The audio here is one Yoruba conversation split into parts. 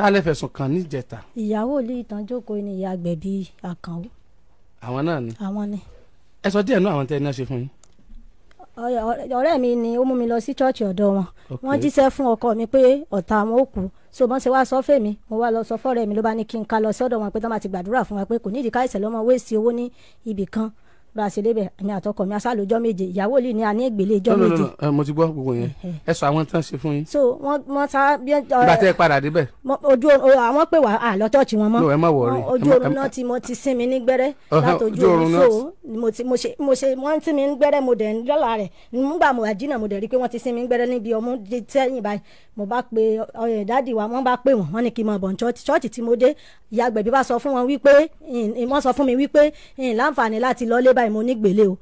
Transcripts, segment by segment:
tá a lè fẹ̀sùn kàn níjẹta. ìyàwó ilé ìtàn jókòó ni ìyá àgbẹ̀bí àkànwó. àwọn náà ni. àwọn ni. ẹ sọ díẹ̀ nú àwọn tẹ́ ẹ náà ṣe fún yín. ọ̀rẹ́ mi ni ó mú mi lọ sí chọ́ọ̀chì ọ̀dọ̀ wọn wọ́n jíṣẹ́ fún ọkọ mi pé ọ̀tá wọn ó kú so bọ́n ṣe wá sọ fèmí mo wá lọ sọ fọ́ọ̀rẹ́ mi ló bá ní kí n ká lọ sọ́dọ̀ wọn pé tán bá ti gbàdúrà fún wa pé kò nídìí káìsẹ̀ lọ́mọ wéèsì owó ní ibì kan bá a ṣe débẹ̀ èmi àtọkọ mi aṣáálójọ́ méje ìyàwó lì ní àní ìgbélé ìjọ́ méje. Eh, mo ti gbọ́ gbogbo yẹn ẹ sọ àwọn tán ṣe fún yín. so wọn wọn sá ìgbà eh, tẹ ẹ padà débẹ̀. ojú àwọn pè wá àlọ́ tọ́ọ̀chì wọn mọ́. ojú oorun náà ti mo ti sin mi ní gbẹ́rẹ́. látọjú oorun so mo ti mo ṣe mo ṣe wọ́n sin mi ní gbẹ́rẹ́ mo dẹ̀ ń lọ́la rẹ̀ nígbà mo àjínà mo dẹ̀ rí pé wọ́n ti sin mi ní gbẹ́rẹ́ níbi ọmú mo bá pe ọyọ ìdádì wa wọ́n bá pè wọ́n wọ́n ní kí n mọ bọ̀ ṣọ́ọ̀tì tí mo dé ìyá agbẹ̀bí bá sọ fún wọn wípé wọ́n sọ fún mi wípé láǹfààní láti lọ́lé báyìí mo ní gbèlè o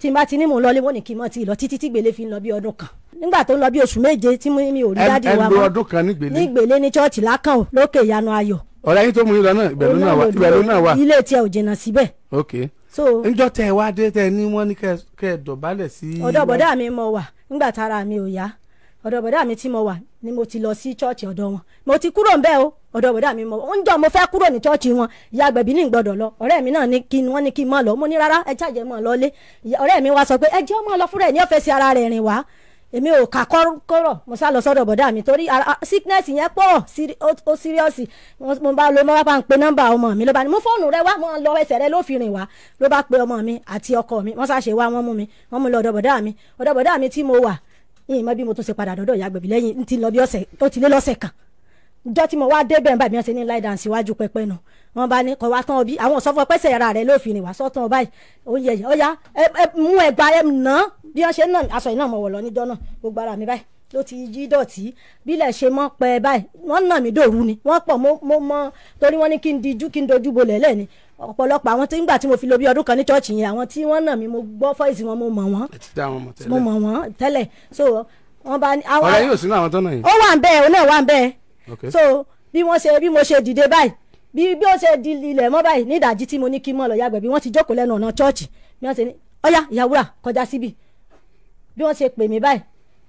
tí n bá ti ní mò ń lọ́lé wọ́n ní kí n mọ ti lọ títí tí gbèlè fi ń lọ bí ọdún kan nígbà tó ń lọ bí oṣù méje tí mi ò rí dádì wa mọ́ ní gbèlè ní ṣọ́ọ̀tì lákàn o lókè ìyanu ayọ̀. ọ̀rẹ́ yín tó mú yín lọ náà ìbẹ̀lú náà wà. okay so ọ̀dọ̀ bọ̀dá mi tí mo wà ni mo ti lọ sí chọ́ọ̀chì ọ̀dọ̀ wọn mo ti kúrò ń o ọ̀dọ̀ bọ̀dá mi mo ń jọ mo fẹ́ kúrò ní chọ́ọ̀chì wọn ìyá agbẹ̀bí ní gbọ́dọ̀ lọ ọ̀rẹ́ mi náà ni kí wọ́n ní kí n mọ̀ lọ mo ní rárá ẹ jàjẹ́ mọ̀ lọ lé ọ̀rẹ́ mi wá sọ pé ẹ jẹ́ ọmọ lọ fúnra ẹ̀ ní ọ̀fẹ́ sí ara rẹ̀ rìn wá èmi ò kà kọ́rọ̀ mo sá lọ sọ́dọ̀ bọ̀dá mi torí sickness yẹn pọ̀ ó serious mo bá lo mọ́wá pa ń pe nọ́mbà ọmọ mi ló bá ní mú fóònù rẹ wá mo lọ ẹsẹ̀ rẹ ló fi rìn wá ló bá pe ọmọ mi àti ọkọ mi wọ́n sá wá wọ́n mú mi wọ́n mú lọ ọ̀dọ̀ bọ̀dá mi ọ̀dọ̀ bọ̀dá mi tí mo wà yìnyín mọ́ bí mo tún ṣe padà dọ́dọ̀ ìyá gbẹ̀bí lẹ́yìn ti lọ bí ọ̀sẹ̀ ó ti lé lọ́sẹ̀ kan jọ́ tí mo wá dé bẹ́ẹ̀ báyìí bí wọ́n ṣe ní láìdá pẹpẹ nù wọ́n bá ní kọ́ wá tán ọbí àwọn sọ́fọ́ pẹ́sẹ̀ ara rẹ̀ lófin ni wà sọ́tàn ọba yìí ó yá mú ẹgbàá ẹ nà bí wọ́n ṣe ń nà aṣọ yìí náà mo níjọ́ náà gbogbo ara mi báyìí ló ti yí dọ̀tí bílẹ̀ ṣe mọ́ pẹ́ báyìí wọ́n nà mí dòru ni wọ́n pọ̀ mo mọ́ torí wọ́n ní kí n dijú kí n dojú bolẹ̀ lẹ́ni ọ̀pọ̀lọpọ̀ àwọn tí ngbà tí mo fi lo bí ọdún kan ní chọ́ọ̀chì yẹn àwọn tí wọ́n nà mí mo gbọ́ fọ́ìsì wọn mo mọ̀ wọ́n mo mọ̀ wọ́n tẹ́lẹ̀ so wọ́n bá ní. ọ̀rẹ́ yóò sínú àwọn tọ́nà yìí. ó wà ń bẹ́ẹ̀ ó náà wà ń bẹ́ẹ̀ so bí wọ́n ṣe bí mo ṣe dìde báyìí bí bí ó ṣe di ilẹ̀ mọ́ báyìí ní ìdajì tí mo ní kí mọ́ lọ yàgbẹ́ bí wọ́n ti jókòó lẹ́nu ọ̀nà chọ́ọ̀chì bí wọ́n ṣe ní ọ̀yá ìyàwúrà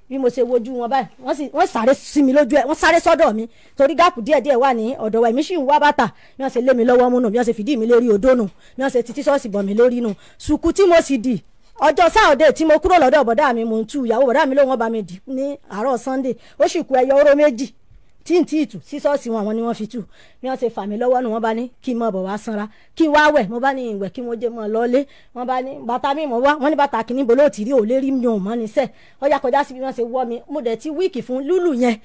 bí mo ṣe wojú wọn báyìí wọ́n sì wọ́n sáré sí mi lójú ẹ̀ wọ́n sáré sọ́dọ̀ mi torí gáàpù díẹ̀díẹ̀ wà ní ọ̀dọ̀ wa èmi sì ń wá bàtà bí wọ́n ṣe lé mi lọ́wọ́ múnú bí wọ́n ṣe fìdí mi lérí odó nù bí wọ́n ṣe títí ṣọ́ọ̀ṣì bọ̀ mi lórí nù ṣùkú tí mo sì dì ọjọ́ sáọ̀dẹ̀ tí mo kúrò lọ́dọ̀ bọ̀dá mi mò ń tu ìyàwó bọ̀dá mi lóun wọn bá mi dì ní àárọ̀ sunday ó sì kú ẹyọ oró méjì tí n tí ì tù sísọ́ọ̀sì wọn àwọn ni wọ́n fi tù bí wọ́n ṣe fà mí lọ́wọ́ nù wọ́n bá ní kí n mọ̀ bọ̀ wá sanra kí n wá wẹ̀ mo bá ní ìwẹ̀ kí n wọ́n jẹ́ mọ́ ọ lọ́lé wọ́n bá ní bàtà mi mọ̀ wá wọ́n ní bàtà kìíní bolo tìrí ò lè rí mi ò mọ́ ní sẹ́ ọjà kọjá síbi wọ́n ṣe wọ́ mi mo dẹ̀ ti wíìkì fún lúlù yẹn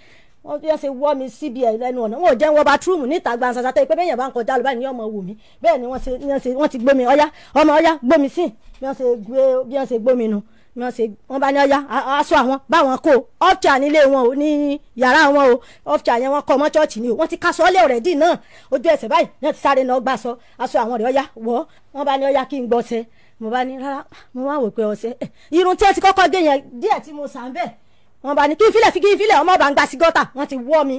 wọ́n fi ṣe wọ́ mi síbi ẹ̀ lẹ́nu ọ̀nà wọn ò jẹ́ wọ́n bathroom níta gbansan sátẹ́ pé bẹ́ẹ̀ yẹn bá ń kọjá lọ báyìí ni ọmọ wù mí bẹ́ẹ̀ ni wọ́n ti gbé mi ọ̀yá ọmọ ọ̀yá gbé mi sí bí wọ́n ṣe gbé mi nu ni wọ́n ṣe wọ́n bá ní ọya aṣọ àwọn báwọn kó ọ́fíà nílé wọn ò ní yàrá wọn o ọ́fíà yẹn wọ́n kọ́ ọmọ ṣọ́ọ̀ṣì ni o wọ́n ti kaṣọ ọ́lẹ̀ ọ̀rẹ́dì náà ojú ẹsẹ̀ báyìí náà ti sáré náà gbàṣọ aṣọ àwọn rẹ̀ ọya wọ́ wọ́n bá ní ọya kí n gbọ́sẹ̀ mo bá ní rárá mo wá wò pé ọ̀sẹ̀ eh, irun tí ẹ ti kọ́kọ́ gé yẹn díẹ̀ tí mo sàn bẹ́ẹ̀ wọ́n bá ní kí n filẹ̀ fi kí n filẹ̀ ọmọ bá ń gba sí gọ́tà wọ́n ti wọ́ mi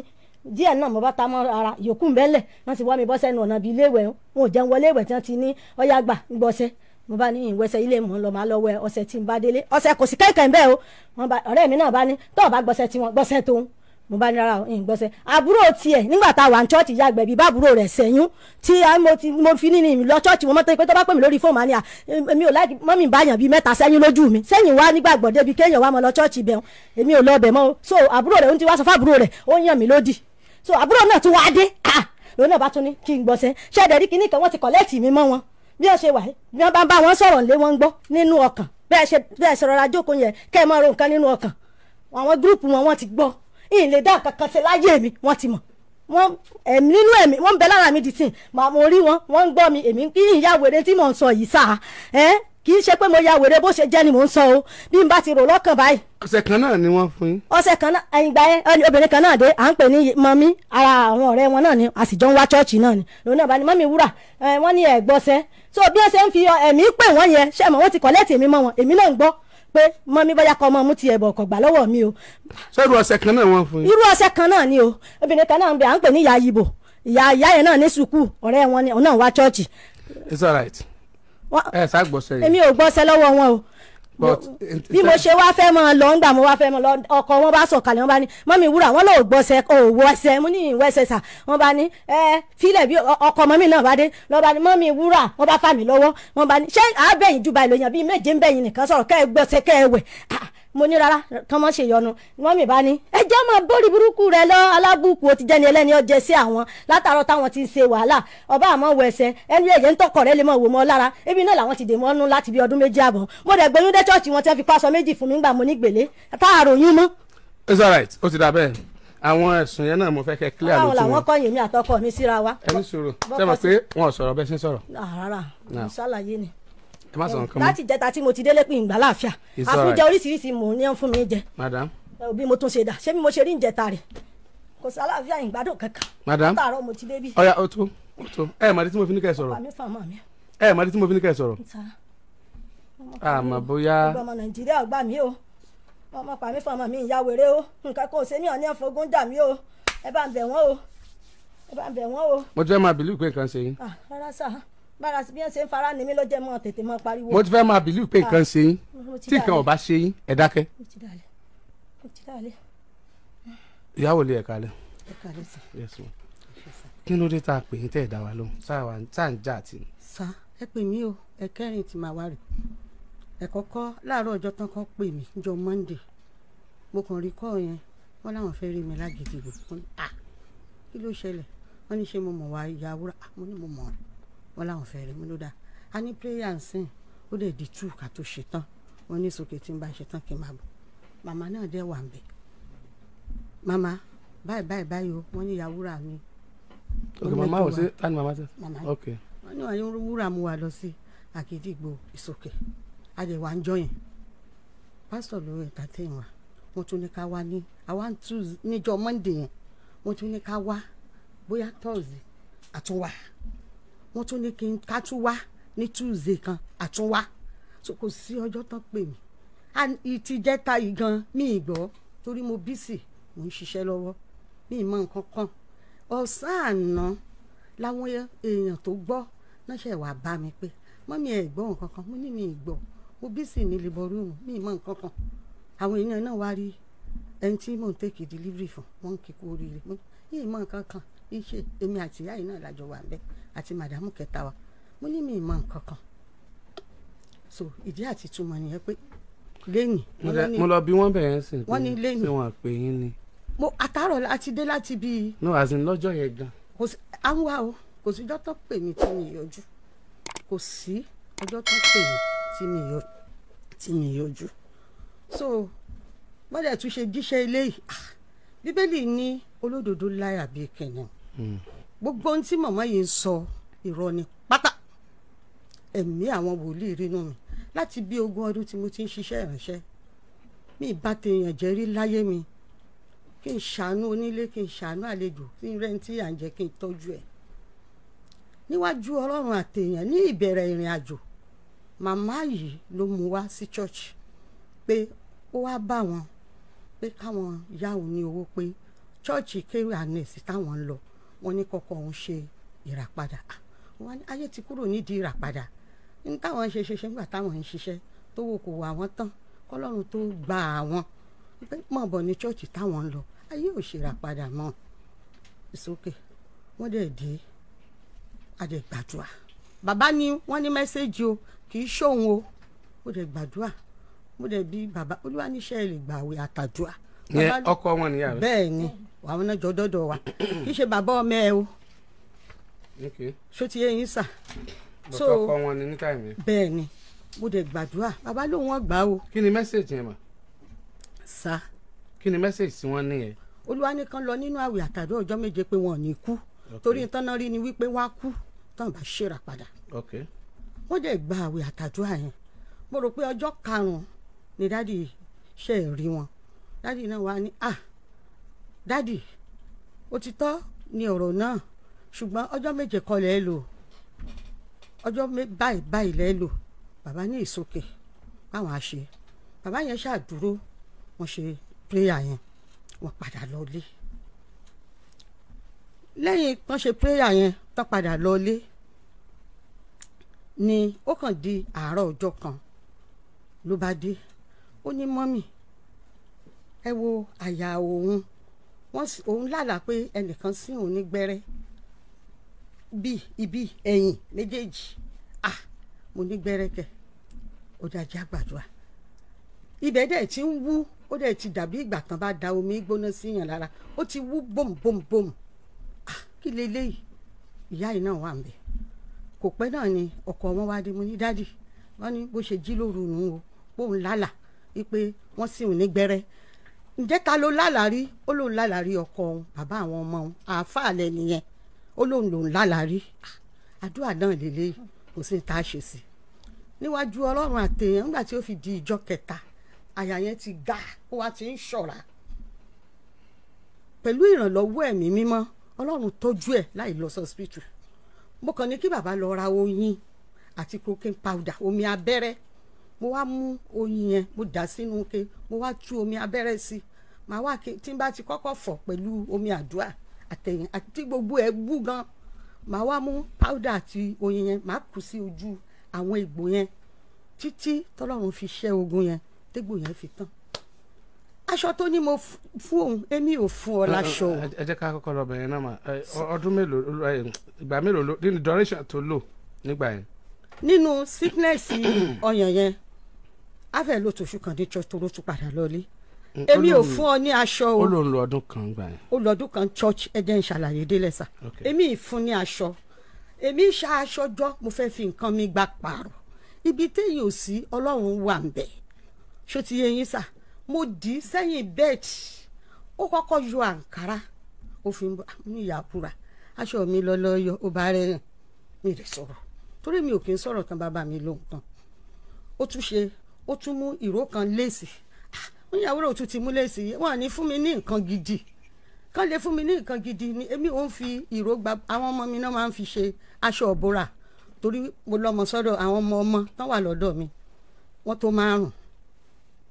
díẹ̀ náà mo bá ta mọ́ ara yòókù ń bẹ́ẹ̀ lẹ̀ wọ́n ti wọ́ mi bọ́sẹ̀ nù ọ̀nà bíi iléèwẹ̀ wọn ò jẹun wọlé ìwẹ̀ tí wọ́n ti ní ọ̀yá gbà ń gbọ́sẹ̀ mo bá ní ìwẹsẹ̀ ilé mò ń lọ máa lọ wẹ ọṣẹ tí n bá délé ọṣẹ kò sí kẹ́kẹ́ ń bẹ́ẹ̀ o wọn bá ọ̀rẹ́ mi náà bá ní tọ́ọ̀ bá gbọ́sẹ̀ tí wọ́n gbọ́sẹ̀ tó ń mo bá ní rárá o ń gbọ́sẹ̀ àbúrò tiẹ̀ nígbà tá a wà ní chọ́ọ̀chì yàgbẹ́ bíi báàbúrò rẹ̀ sẹ́yún tí mo fi nínú ìlú lọ chọ́ọ̀chì mo mọ́tò pé tó bá pè mí lórí fóònù àní èmi ò láì mọ́mì báyàn bíi mẹ́ta sẹ́yìn lójú mi sẹ́yìn wá nígbà gbọ̀dé bíi kéèyàn wá mọ́ lọ chọ́ọ̀chì bẹ̀rùn èmi ò lọ bẹ̀ mọ́ o so àbúrò rẹ̀ ó ti wá sọ fábúrò rẹ̀ ó yàn mí lódì so àbúrò náà tún wá dé ah lónà bá tún ní kí n gbọ́sẹ̀ ṣẹ́ẹ̀dẹ̀ rí kinní kan wọ́n ti kọ̀lẹ́ẹ̀tì mi mọ́ wọn bí ẹ ṣe wà yìí bí bá wọn sọ̀rọ̀ lé wọn gbọ́ nínú ọkàn bí ẹ ṣe bí ẹ ṣe rọra yẹn kẹ́ ẹ máa ro nǹkan nínú ọkàn àwọn gúrùpù wọn wọ́n ti gbọ́ ìyìn lè dá kankan ṣe láyé mi wọ́n ti mọ̀ wọ́n ẹ̀mí nínú ẹ̀mí wọ́n bẹ lára mi dìtì màá mo rí wọn wọ́n ń mi èmi kí n ya wèrè tí mò ń sọ yìí sáà ẹ kì í ṣe pé mo ya wèrè bó ṣe jẹ́ ni mò ń sọ o bí n bá ti rò lọ́kàn báyìí. ọ̀sẹ̀ kan náà ni wọ́n fún yín. ọ̀sẹ̀ kan náà ẹ̀yìn yẹn obìnrin kan náà dé à ń pè ní mọ́mí ara àwọn ọ̀rẹ́ wọn náà ni a sì jọ ń wá ṣọ́ọ̀ṣì náà ni lòun náà mọ́mí wúrà wọ́n ní ẹ̀gbọ́sẹ́ so bí wọ́n ṣe ń fi ẹ̀mí pè wọ́n yẹn ṣé mọ̀ wọ́n ti kọ̀lẹ́tì èmi mọ́ wọn èmi náà ń gbọ́ pé mọ mi bóyá kọ ọmọ mu ti ẹ̀bọ̀ ọ̀kọ̀ gbà lọ́wọ́ mi o. ṣé irú ọṣẹ kan náà wọ́n fún yín. irú ọṣẹ kan náà ni o obìnrin kan náà ń bẹ à ń pè ní ìyá ibo ìyá ìyá yẹn náà ní sùkúù ọ̀rẹ́ wọn náà wá ṣọ́ọ̀ṣì. it's alright. ẹ ṣàgbọ́sẹ̀ yìí. èmi ò gbọ́sẹ̀ lọ́wọ́ wọn o bí mo ṣe wá fẹ́ mọ lọ ńgbà mo wá fẹ́ mọ lọ ọkọ wọn bá sọ̀kalẹ̀ wọn bá ní mọ́mí wúrà wọn lọ́ọ́ gbọ́sẹ̀ òwò ẹsẹ̀ mo ní ìwọ ẹsẹ̀ sà wọn bá ní ẹ filẹ̀ bí ọkọ mọ́mí náà bá dé lọ́ọ́ bá ní mọ́mí wúrà wọn bá fà mí lọ́wọ́ wọn bá ní ṣé àbẹ̀yìn ju báyìí lóyún àbí méje ń bẹ̀yìn nìkan sọ̀rọ̀ kẹ́ ẹ gbọ́sẹ̀ kẹ́ ẹ wẹ̀ ah, mo ní rárá kán mọ́ ṣe yọnu mọ́mì bá ní ẹ máa bórí burúkú rẹ lọ alábùkù ó ti jẹ́ni ẹlẹ́ni ọjẹ́ sí àwọn látàárọ̀ táwọn ti ń ṣe wàhálà ọba àmọ́ wọ ẹsẹ̀ ẹni ẹ̀jẹ̀ ń tọkọ rẹ lè mọ̀ wò mọ́ lára ebi náà làwọn ti dè mọ́nú láti bí ọdún méjì àbọ̀ mo dẹ̀ gbẹ̀yún dé chọ́ọ̀chì wọn tẹ́ fi pásọ méjì fún mi ńgbà mo ní gbèlé táàrò yín mọ́. it's alright ó ti dà bẹ́ẹ̀ àwọn ẹ̀sùn yẹn náà clear lójú wọn. àwọn làwọn kọyìn mi àtọkọ mi síra láti jẹta tí mo ti délé pin ìgbà láàfíà àfúnjẹ oríṣiríṣi mò ń yán fún mi jẹ bí mo tún ṣe dà ṣé bí mo ṣe rí ìjẹta rẹ kò sí aláàfíà ìgbádùn kankan látàárọ̀ mo ti débí. ọ̀ya o tó o tó ẹ màdí tí mo fi ní kẹ́ ẹ sọ̀rọ̀ ẹ màdí tí mo fi ní kẹ́ ẹ sọ̀rọ̀ àmọ́ bóyá. ọmọ nàìjíríà gbà mí o ọmọ pàmí fọmọ mi ìyá wèrè o nǹkan kò ṣe mí ọ̀ ní ọ̀fọ̀gùn dà mí o ẹ bá ń bẹ̀ wọ́n o ẹ bá ń bẹ̀ wọ́n o. mo jẹ́ máa bìlú pé nǹkan ṣe yín. Ah, rárá sáà bára bí wọ́n ṣe ń fara ni mí ló jẹ́ mọ́ tètè mọ́ pariwo. mo ti fẹ́ máa bìlíù pé nǹkan ah. ṣe yín tí nǹkan ò ṣe yín ẹ dákẹ́. ìyàwó lè ẹ̀ka lẹ̀. kí ló dé tá a pè yín tẹ́ ẹ̀ dá wa lóhùn sáà ń jà àti. sá ẹ pè mí o ẹ kẹrin tí màá wá rè ẹ kọ́kọ́ láàárọ̀ ọjọ́ tán kan pè mí jọ Monday mo kàn rí kọ́ yẹn wọ́n láwọn fẹ́ rí mi lágídí gbò ah, kí ló ṣẹlẹ̀ wọ́n ní ṣe mo mọ̀ wá ìyá wúrà ah, mo ní mo mọ̀ ọ́ wọ́n láwọn fẹ́ rí mi ló dáa a ní prayer ń sìn ó dẹ̀ di two ká tó ṣe tán wọ́n ní sókè tí ń bá ṣe tán kí n máa bọ̀ màmá náà dẹ̀ wà ń bẹ̀ màmá báyìí báyìí báyìí o wọ́n ní ìyá wúrà mi. ok màmá ò sí tani màmá tẹ. màmá ok wọ́n ní wàá wúrà mu wà lọ sí àkìdìgbò ìsòkè a dẹ̀ ń jọ yẹn pásítọ̀ ló entertain wa wọ́n tún ní ká wá ní àwa ń tú níjọ́ monday yẹn wọ́n tún ní ká wá bóyá thursday àtúnwá wọ́n tún ní kí n ká tún wá ní tuesday kan àtúnwá so kò sí ọjọ́ tán pè mí ìtìjẹta yìí gan mi ì torí mo bísì mo ń ṣiṣẹ́ lọ́wọ́ mi ì mọ nǹkan kan ọ̀sán àná làwọn èèyàn tó gbọ́ náà ṣe wàá bá mi pé mọ́mí ẹ̀ gbọ́ nǹkan kan mo ní mi ì gbọ́ mo bísì ní liborúùmù mi ì mọ nǹkan kan àwọn èèyàn náà wá rí ẹni tí mò ń tèkì delivery fún wọn kí oríire mo ní mi ì mọ nǹkan kan iṣẹ́ èmi àtìyá yìí náà làjọ wà bẹ́ẹ̀ àti màdàmú kẹta wa mo ní mi ìmọ̀ nǹkan kan so ìdí àti túmọ̀ nìyẹn pé lẹ́nì. mo lọ bí wọ́n bẹ̀rẹ̀ sí wọ́n ní lẹ́nì ṣé wọ́n pè yín ni. mo àtàrọ̀ àti dé láti bí. no as in lọ́jọ́ yẹn gan. kò sí àwọn wa o kò sí dọ́tọ̀ pè mí tí mi yọjú kò sí ọjọ́ pè mí tí mi yọjú so gbọ́dọ̀ tún ṣe jíṣẹ́ eléyìí ah, bíbélì ní olódodo láyà bíi kìnìún gbogbo ohun tí màmá yìí ń sọ irọ́ ni pátá ẹ̀mí àwọn wòlíì rínú mi láti bí ogún ọdún tí mo ti ń ṣiṣẹ́ ìránṣẹ́ mi ìbá tèèyàn jẹ́ rí láyé mi kí n ṣàánú onílé kí n ṣàánú àlejò kí n rẹ́ntì à ń jẹ́ kí n tọ́jú ẹ̀ níwájú ọlọ́run àtèèyàn ní ìbẹ̀rẹ̀ ìrìn àjò màmá yìí ló mú wá sí church pé ó wá bá wọn pé káwọn yá ní owó pé church kéwì àná èsì táwọn ń lọ wọ́n ní kọ́kọ́ òun ṣe ìràpadà wọ́n ní ayé ti kúrò nídìí ìràpadà ní táwọn ṣe ṣe ṣe ńgbà táwọn ń ṣiṣẹ́ tó wò kò wà wọ́n tán kọ́lọ́run tó gba àwọn mọ̀ bọ̀ ní chọ́ọ̀chì táwọn ń lọ ayé ò ṣe ìràpadà mọ́ ìsókè wọ́n dẹ̀ dé adẹ̀ gbàdúrà bàbá ni wọ́n ní mẹ́sẹ́jì o kì í ṣóhun o ó dẹ̀ gbàdúrà mo dẹ̀ bí bàbá olúwa níṣẹ́ lè gbàwé àtàdúrà. ọkọ wọn nìyàwó bẹ́ẹ̀ ni. Mm wàá náà jọ dọ́dọ̀ wa kì í ṣe bàbá ọmọ ẹ o ṣó ti yẹn sà. so bẹ́ẹ̀ ni mo dẹ̀ gbàdúrà bàbá ló wọ́n o. kí ni mẹ́sẹ̀jì yẹn mà. sà. kí ni mẹ́sẹ̀jì tí wọ́n ní yẹn. olúwa lọ nínú àwẹ̀ àtàdé ọjọ́ méje pé wọn ò ní kú torí tọ́nà rí ni wípé wá kú tán bá ṣèrà padà. wọ́n dẹ̀ gba àwẹ̀ àtàdúrà yẹn mo rò pé ọjọ́ karùn-ún ni dádì ṣe rí wọn dádì náà wá ní ah dádì òtítọ́ ni ọ̀rọ̀ náà ṣùgbọ́n ọjọ́ méje kọ́ lẹ́ lò ọjọ́ báyìí báyìí lẹ́ lò bàbá ní ìsókè báwọn á ṣe bàbá yẹn ṣàdúró wọ́n ṣe prayer yẹn wọ́n padà lọlé lẹ́yìn wọ́n ṣe prayer yẹn tán padà lọlé ni ó kàn di àárọ̀ ọjọ́ kan ló bá dé ó ní mọ́mì ẹ wo àyà òun wọ́n òun lálàá pé ẹnìkan sí òun ní gbẹ́rẹ́ bí ibi ẹ̀yìn méjèèjì ah mo ní gbẹ́rẹ́ kẹ̀ ó dájú àgbàdua ibẹ̀ dẹ̀ ti ń wú ó dẹ̀ ti dàbí ìgbà kan bá da omi gbóná síyàn lára ó ti wú bòmùbòmùbòmù ah kí leléyìí ìyá yìí náà wà ń bẹ̀ kò pẹ́ náà ni ọkọ wọn wá dé mo ní dádì wọ́n ní bó ṣe jí lóru nù ú o lálà wípé wọ́n sì ń ní gbẹ́rẹ́ ǹjẹ́ ta ló lálàrí ó lóun lálàrí ọkọ òun bàbá àwọn ọmọ òun àáfàá lẹ nìyẹn ó lóun lòun lálàrí ah, àdúrà náà lélẹ́yìí kò sí ta ṣe sí níwájú ọlọ́run àtẹ̀yàn nígbà tí ó fi di ìjọ kẹta àyà yẹn ti ga ó wá ti ń ṣọ̀ra pẹ̀lú ìrànlọ́wọ́ ẹ̀mí mímọ́ ọlọ́run tọ́jú ẹ̀ láì lọ sọ́sìpìtù mo kàn ní kí bàbá lọ ra oyin àti cocaine powder omi abẹ́rẹ́ mo wá mú oyin yẹn mo dà sínú ke mo wá tú omi abẹ́rẹ́ sí i màá wà tí n bá ti kọ́kọ́ fọ̀ pẹ̀lú omi àdúrà àtẹ̀yìn àti tí gbogbo ẹ̀ gbú gan màá wá mú powder àti oyin yẹn màá kù sí ojú àwọn egbò yẹn títí tọ́lọ́run fi ṣẹ́ ogun yẹn tégbò yẹn fi tán aṣọ tó ní mo fún òun èmi ò fún ọ láṣọ. ẹ jẹ́ ká kọ́kọ́ lọ bẹ̀rẹ̀ náà mà ọdún mélòó ìgbà mélòó ló nínú duration tó lò nígbà yẹn. nínú sickness ọyàn yẹn afẹ́ ló tòṣù kan ní church tó ló tún padà lọ lé. Mm, èmi ò fún ọ ní aṣọ o ó lò ọdún kan gbà yẹn ó lò ọdún kan church ẹjẹ ń ṣàlàyé délẹ̀ sà èmi ì fún ní aṣọ èmi ṣa aṣọ jọ mo fẹ́ fi nǹkan mi gba pààrọ̀ ibi téyìn ò sí ọlọ́run wà ń bẹ̀ ṣó ti yé yín sà mo dì í sẹ́yìn bẹ́ẹ̀dì ó kọ́kọ́ yọ àǹkárá ó fi ń ah, yàkúra aṣọ mi lọ́lọ́ yọ ó bá rẹ̀ yàn mi rẹ̀ sọ̀rọ̀ torí mi ò kí ń sọ̀rọ̀ tán bàbá mi lóhùn tán ó tún ṣe ó tún mú ìró kan léèsì níyàwó rẹ̀ òtún ti mú lẹ́sìn yìí wọ́n ní fún mi ní nǹkan gidi kán lè fún mi ní nǹkan gidi ni èmi ò ń fi ìró gba àwọn ọmọ mi náà máa ń fi ṣe aṣọ òbora torí mo lọ́mọ sọ́dọ̀ àwọn ọmọ ọmọ tán wà lọ́dọ̀ mi wọ́n tó márùn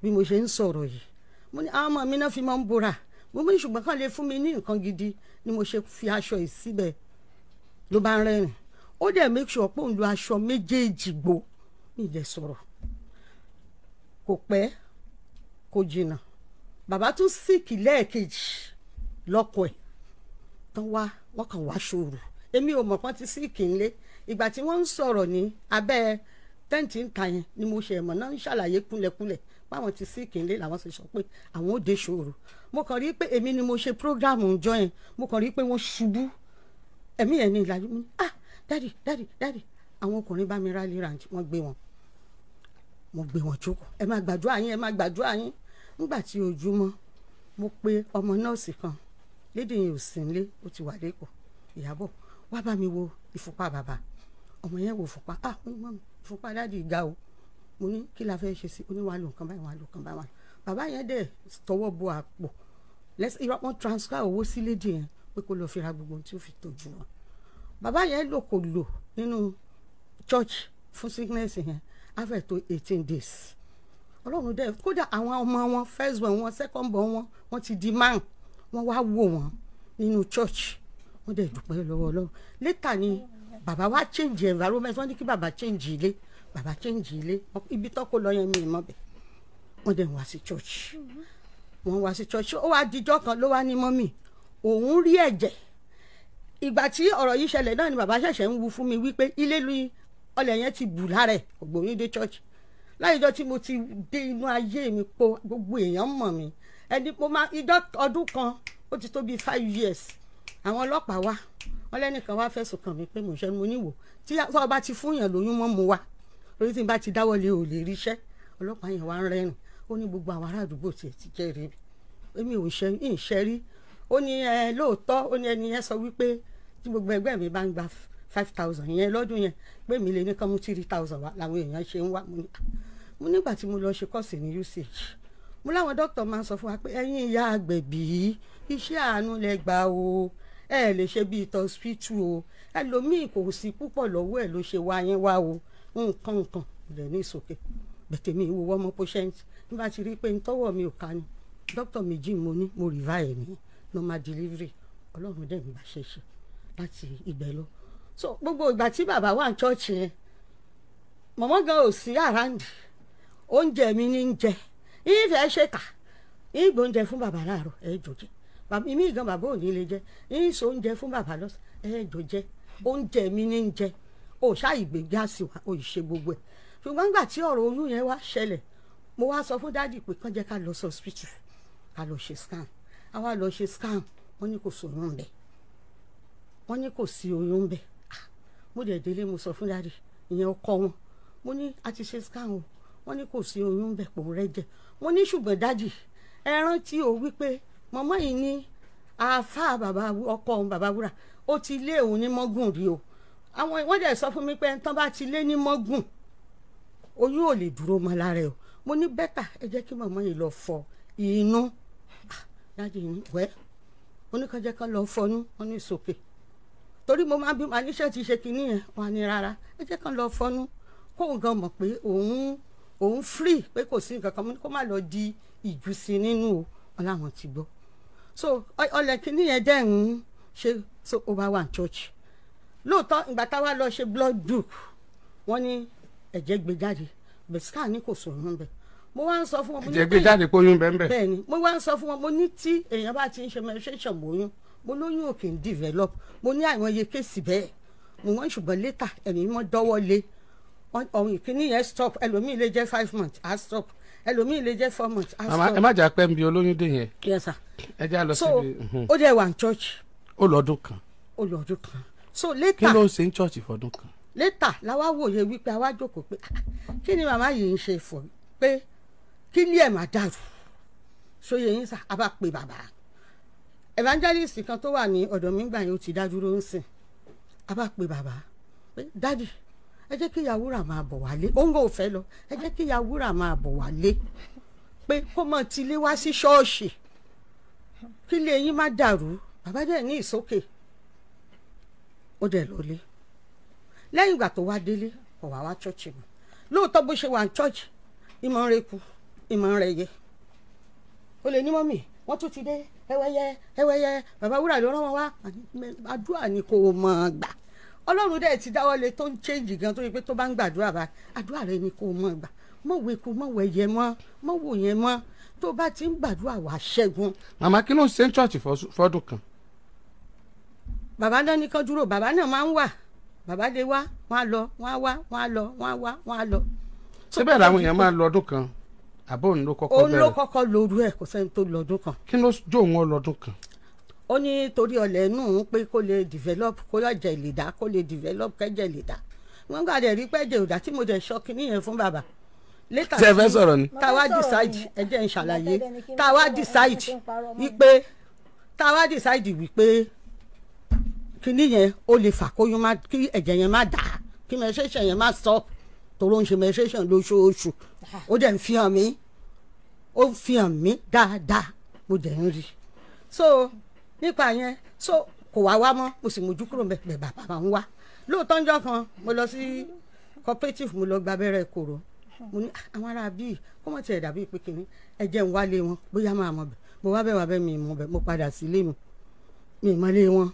bí mo ṣe ń sọ̀rọ̀ yìí mo ní àwọn ọmọ mi náà fi máa ń bora mo mú ṣùgbọ́n kán lè fún mi ní nǹkan gidi ni mo ṣe fi aṣọ yìí síbẹ̀ ló bá ń rẹ́rìn ó dẹ̀ make sure pé òun lo aṣọ méjèèjì gbó mi dẹ̀ sọ̀rọ̀ kò pẹ́ kò jìnnà bàbá tún síìkì lẹ́ẹ̀kejì lọ́kọ̀ ẹ̀ tán wá wọ́n kàn wá ṣòro èmi ò mọ̀ pọ́n ti síìkì ńlẹ̀ ìgbà tí wọ́n ń sọ̀rọ̀ ní abẹ́ tẹ́ǹtì ń ta yẹn ni mo ṣe ẹ̀mọ́ náà ń ṣàlàyé kúnlẹ̀kúnlẹ̀ báwọn ti síìkì ńlẹ̀ làwọn ṣe sọ pé àwọn ò dé ṣòro mo kàn rí i pé èmi ni mo ṣe prógráàmù ńjọ́ yẹn mo kàn rí i pé wọ́n ṣubú ẹ̀mí yẹn ni ìlàjú mi ah dádì dádì dádì àwọn ọkùnrin bá mi rálé ra wọ́n gbé wọn mo gbé wọn jókòó ẹ máa gbàdúrà yín ẹ máa gbàdúrà yín nígbà tí ojúmọ́ mo pe ọmọ nọ́ọ̀sì kan lédè yẹn ò sí nílé ó ti wà lẹ́kọ̀ọ́ ìyàbọ̀ wá bá mi wo ìfúnpá bàbá ọmọ yẹn wo ìfúnpá ah ó ní mọ́ mi ìfúnpá dáàdì ga o mo ní kí la fẹ́ ṣe sí ó ní wàá lò nǹkan báyìí wàá lò nǹkan báyìí bàbá yẹn dẹ̀ tọwọ́ bo àpò wọ́n transfer owó sí lédè yẹn pé kó lọ fi ra gbogbo ohun tí ó fi tọ́jú wọn bàbá yẹn lò kò lò nínú church fún sickness yẹn á fẹ́ tó eighteen days ọlọ́run dẹ̀ kódà àwọn ọmọ wọn first born wọn second born wọn wọ́n ti di man wọ́n wá wò wọ́n nínú church wọ́n dẹ̀ dúpẹ́ lọ́wọ́ ọlọ́run later ni bàbá wa change environment wọ́n ní kí bàbá change ilé bàbá change ilé ibi tọ́kọ lọ yẹn mi ì mọ̀ bẹ̀ wọ́n dẹ̀ wá sí church wọ́n wá sí church ó wá dijọ́ kan ló wá ní mọ́mì òun rí ẹ̀jẹ̀ ìgbà tí ọ̀rọ̀ yìí ṣẹlẹ̀ náà ni bàbá ṣẹ̀ṣẹ̀ ń wu fún mi wípé ilé lu ọlẹ̀ yẹn ti bù lára ẹ̀ ògbóyin dé church láyìíjọ́ tí mo ti dé inú ayé mi po gbogbo èèyàn mọ̀ mi ẹni mo máa ìjọ ọdún kan ó ti tó bíi five years àwọn ọlọ́pàá wá wọn lẹ́nìkan wá fẹ̀sùn kàn mí pé mò ń ṣe mo níwò tí ọba ti fún yàn lóyún mọ́ mo wá orí tí n bá ti dáwọ́lé ò lè ríṣẹ́ ọlọ́pàá yẹn wá ń rẹ́rìn ó ní gbogbo àwọn ará àdúgbò tiẹ̀ ti jẹ́rìí èmi ò ń ṣe ń ṣe rí ó ní ẹ lóòótọ́ ó ní ẹni yẹn sọ wípé tí gbogbo ẹgbẹ́ mi bá ń gba five thousand yẹn lọ́dún yẹn pé mi lè ní kán mú three thousand wá làwọn èèyàn ṣe ń wá mo ní ah, mo nígbà tí mo lọ ṣe kọ́ọ̀sì ní usage mo láwọn dókítà máa ń sọ fún wa pé ẹ̀yin ìyá àgbẹ̀bí iṣẹ́ àánú lẹ gbà o ẹ lè ṣe bíi tọ́sípítù o ẹlòmíì kò sí púpọ̀ lọ́wọ́ ẹ̀ ló ṣe wá yẹn wá o nǹkan nǹkan rẹ̀ ní ìsòkè bẹ̀tẹ̀ mi ìwọ ọmọ patient ní bá ti rí i pé ntọ́wọ̀ mi ò ká ni dókítà méjì mo ní mo rìvá ẹ̀ ní normal delivery ọlọ́run dẹ̀ ń bá ṣe ṣe láti ibẹ̀ lọ so gbogbo ìgbà tí bàbá wà ní ṣọ́ọ̀ṣì yẹn mọ̀mọ́ oúnjẹ mi ní ń jẹ ìfẹ́ ṣèkà ìgbò oúnjẹ fún bàbá láàárọ̀ ẹ jò jẹ bàbá mi gan bàbá ò ní lè jẹ ìsọ oúnjẹ fún bàbá lọ ẹ jò jẹ oúnjẹ mi ní ń jẹ òòṣà ìgbéga sí wa ò ṣe gbogbo ẹ ṣùgbọ́n nígbà tí ọ̀rọ̀ oyún yẹn wá ṣẹlẹ̀ mo wá sọ fún dádì pé kán jẹ́ ká lọ sọ́spítù ká lọ ṣe scan a wá lọ ṣe scan wọ́n ní kò sóyún ń bẹ̀ wọ́n ní kò sí oyún ń bẹ̀ ah, mo dẹ̀ délé mo sọ fún dádì ìyẹn ọkọ wọn mo ní a ti ṣe scan o wọ́n ní kò sí oyún bẹ̀ pò rẹ́jẹ̀ mo ní ṣùgbọ́n dájì ẹ rántí o wípé mọ̀mọ́ yìí ní àáfàá bàbá ọkọ bàbá wúrà ó ti lé òun ní mọ́gùn rí o àwọn wọ́n dẹ̀ sọ fún mi pé ẹni tán bá ti lé ní mọ́gùn oyún ò lè dúró mọ́ lára ẹ o mo ní bẹ́tà ẹ jẹ́ kí mọ̀mọ́ yìí lọ fọ inú ah, dájì ní wẹ́ oníkanjẹ́ kan lọ fọnú wọn ní sókè torí mo máa bímọ àníṣe ti ṣe kinní yẹn wọn á rárá ẹ jẹ́ kan lọ fọnú kóun gan mọ̀ pé òun òun free pé kò sí nǹkan kan kó má lọ di ìjú nínú o ti gbọ́ so ọlẹ kìíní yẹn dẹ̀ ń ṣe so over one wà ní church lóòótọ́ ìgbà táwa lọ ṣe blood group wọ́n ní ẹ̀jẹ̀ gbé jáde bẹ̀síkà ní kò sọ̀rọ̀ ń bẹ̀ mo wá ń sọ fún wọn. ẹ̀jẹ̀ gbé jáde kó yún bẹ́ẹ̀ bẹ́ẹ̀ ni mo wá ń sọ fún wọn mo ní tí èèyàn bá ti ń ṣe menstruation mo yún mo lóyún òkè ń develop mo ní àìmọye kéèsì bẹ́ẹ̀ mo wọ́n ṣùgbọ́n létà ẹ̀mí mọ́ dọ́wọ́ lé ọ̀hún ìkíní yẹn stop ẹlòmíì lè jẹ́ five months á stop ẹlòmíì lè jẹ́ four months á stop. màmá ẹ má jà pẹ́ nbí olóyún dè yẹn. yes sir. ẹ já lọ síbi. so mhm. ó jẹ́ wà ní church. ó lọ ọdún kan. ó lọ kan. so later. kí ló ń ṣe ní church fọdún kan. later làwa wòye wípé àwa jókòó pé ah, kí ni màmá yìí ń ṣe fọ pé kí ni ẹ̀ má dàrú sóye yín sà á bá pe bàbá evangelist kan tó wà ní ọ̀dọ̀ mi gbà yẹn ó ti dá dúró ń sìn á bá pe bàbá pé dádì ẹ jẹ́ kí ìyá wúrà máa bọ̀ wálé òun kò fẹ́ lọ ẹ jẹ́ kí ìyá wúrà máa bọ̀ wálé pé kó mọ̀ tilé wá sí ṣọ́ọ̀ṣì kí ilé yín má dàrú bàbá dẹ̀ ní ìsókè ó dẹ̀ lọlé lẹ́yìn ìgbà tó wá délé kò wá wá ṣọ́ọ̀ṣì mọ́ lóòótọ́ bó ṣe wà ní ṣọ́ọ̀ṣì ìmọ̀ rẹ̀ kú ìmọ̀ rẹ̀ yẹ o lè ní mọ́mì wọ́n tún ti dé ẹwẹ́yẹ ẹwẹ́yẹ bàbá wúrà ló rán wọn wá àdúrà ni kò mọ̀ gbà ọlọ́run dẹ̀ ti dáwọ́ lé tó ń change gan tó yẹ pé tó bá ń gbàdúrà bá àdúrà rẹ ni kò mọ̀ gbà mọ̀ wé kú mọ̀ wẹ̀ yẹ mọ́ mọ̀ wò yẹn mọ́ tó bá ti ń gbàdúrà wà ṣẹ́gun. màmá kí ló ń ṣe ń ṣọ́ọ̀ṣì fọ́dún kan. bàbá náà ní kán dúró bàbá náà máa ń wà bàbá lè wá wọn á lọ wọn á wá wọn á lọ wọn á wá wọn á lọ. síbẹ̀ làwọn èèyàn máa lọ ọdún kan àbọ̀ òun ló kọ́kọ́ bẹ̀rẹ̀. òun ló kọ́kọ́ lóru ẹ̀ kò sẹ́ni tó lọ́dún kan. kí ló jó òun ọ lọ́dún kan ó ní torí ọ̀lẹ́ inú òun pé kó lè develop kó lọ́jẹ̀ lè dá kó lè develop kẹ́jẹ̀ lè dá wọ́n gbà dẹ̀ rí pẹ́jẹ̀ ò tí mo dẹ̀ sọ kinní fún bàbá later ṣe fẹ́ decide ẹ jẹ́ n ṣàlàyé táwa decide wípé táwa decide wípé kinní yẹn ó lè fà kóyún má kí ẹ̀jẹ̀ yẹn má dà kí menstruation yẹn má sọ tòró ń ṣe menstruation lóṣooṣù ó dẹ̀ ń fi hàn mí ó fi hàn mí dáadáa mo dẹ̀ ń rí so nípa yẹn so kò wá wá mọ́ mo sì mójú kúrò bẹ́ẹ̀ bàbá máa ń wá lóòótọ́ ń jọ́ kan mo lọ sí cooperative mo lọ gba abẹ́rẹ́ kòrò mo ní ah, àwọn ará bíi kó mọ̀ tiẹ̀ dàbí pé kínní ẹ jẹ́ wálé wọn bóyá máa mọ̀ bẹ̀ mo wá bẹ́ẹ̀ wá bẹ́ẹ̀ mi mọ̀ bẹ̀ mo padà sílé mi mi mọ́lé wọn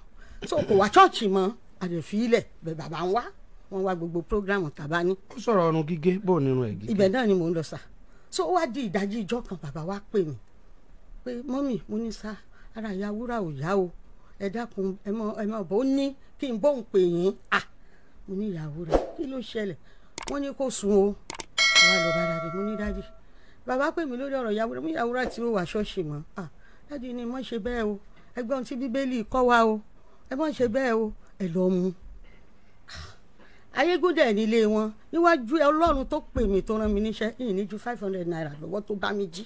so kò wá ṣọ́ọ̀ṣì mọ́ àdèfílẹ̀ bẹ́ẹ̀ bàbá ń wá wọn wá gbogbo programu tàbá ní. ó sọ̀rọ̀ ọrùn gígé bò nínú ẹ̀ gígé. ibẹ̀ náà ni mò ń lọ sà so ó wá di ìdajì ìjọ kan bàbá wa pè mí pé mọ́mì mo ní sá ara ìyá wúrà ò yá o ẹ dákun ẹ mọ ẹ mọ bó ní kí n bóun pè yín à mo ní ìyá wúrà kí ló ṣẹlẹ̀ wọ́n ní kó sùn o àwa lọ bára rẹ̀ mo ní dájú bàbá pè mí lórí ọ̀rọ̀ ìyá wúrà mo ìyá wúrà tí wà ṣọ́ọ̀ṣì mọ́ à dájú ni mo ṣe bẹ́ẹ̀ o ẹ gbọ́n tí bíbélì kọ́ wa o ẹ mọ̀ ṣe bẹ́ẹ̀ o ẹ lọ mu ayégúndẹ̀ nílé wọn níwájú ọlọ́run tó pè mí tó rán mi níṣẹ́ ìyìn ní ju five hundred naira lọ́wọ́ tó bá mi jí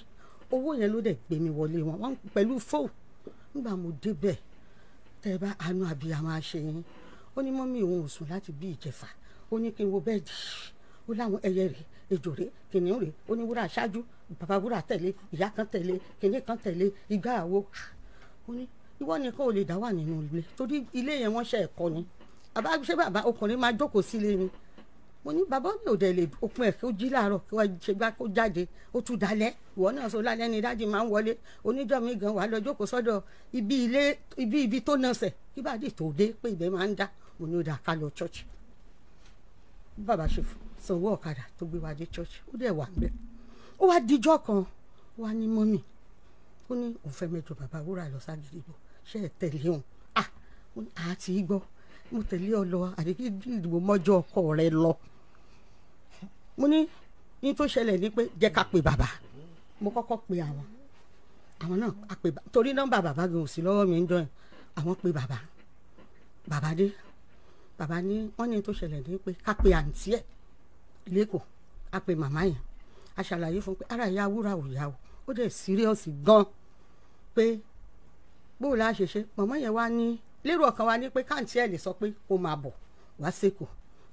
owó yẹn ló dẹ̀ gbé mi wọlé wọn wọn pẹ̀lú fóònù nígbà mo débẹ̀ tẹ́ ẹ bá àánú abiyamọ àṣẹ yín ó ní mọ́mí òun ò sùn láti bí ìjẹfà ó ní kí n wo bẹ́ẹ̀dì ó láwọn ẹyẹ rèé ejò rèé kìnìún rèé ó ní wúrà ṣáájú bàbá wúrà tẹ̀lé ìyá kan tẹ̀lé kìnìún kan tẹ̀lé igbá àwo ó ní ìwọ nìkan ò lè dá wà nínú ilé torí ilé yẹn wọ́n ṣe ẹ̀kọ́ ni àbá ṣé bàbá ọkùnrin máa jókòó sílé ni mo ní bàbá mi ò dẹ̀ lè òpin ẹ̀ kó jí láàárọ̀ kí wọ́n ṣe gbá kó jáde ó tún dalẹ̀ ìwọ náà sọ lálẹ́ ni dájú máa ń wọlé oníjọ́ mi gan wà lọ́jọ́ kó sọ́dọ̀ ibi ilé ibi ibi tó náà sẹ̀ kí bàdé tó dé pé ibẹ̀ máa ń dá mo ní ó dà ká lọ chọ́ọ̀chì bàbá ṣe sanwó ọ̀kadà tó gbé wa dé chọ́ọ̀chì ó dẹ̀ wà ń bẹ̀ ó wá dijọ́ kan wá ní mọ́mì ó ní òun fẹ́ mẹ́jọ bàbá wúrà lọ ságídígbò ṣe ah, mo tẹ̀lé ọ lọ àdéhìí ìdìbò mọ́jọ́ ọkọ rẹ lọ mo ní yín tó ṣẹlẹ̀ ni pé jẹ́ ká pe bàbá mo kọ́kọ́ pe àwọn àwọn náà a pe bàbá torí nọ́mbà bàbá gan òsì lọ́wọ́ mi ń jọ ẹ̀ àwọn pe bàbá bàbá dé bàbá ní wọ́n ní tó ṣẹlẹ̀ ni pé ká pe àǹtí ẹ̀ lẹ́kọ̀ọ́ a pe màmá yẹn a ṣàlàyé fún pé ara ìyá wúrà ò yá o ó dẹ̀ síríọ̀sì gan pé bóò la ṣe ṣe màmá yẹn wá ní lérò ọkàn wa ní pé káǹtí ẹ̀ lè sọ pé kó máa bọ̀ wá sẹ́kọ̀ọ́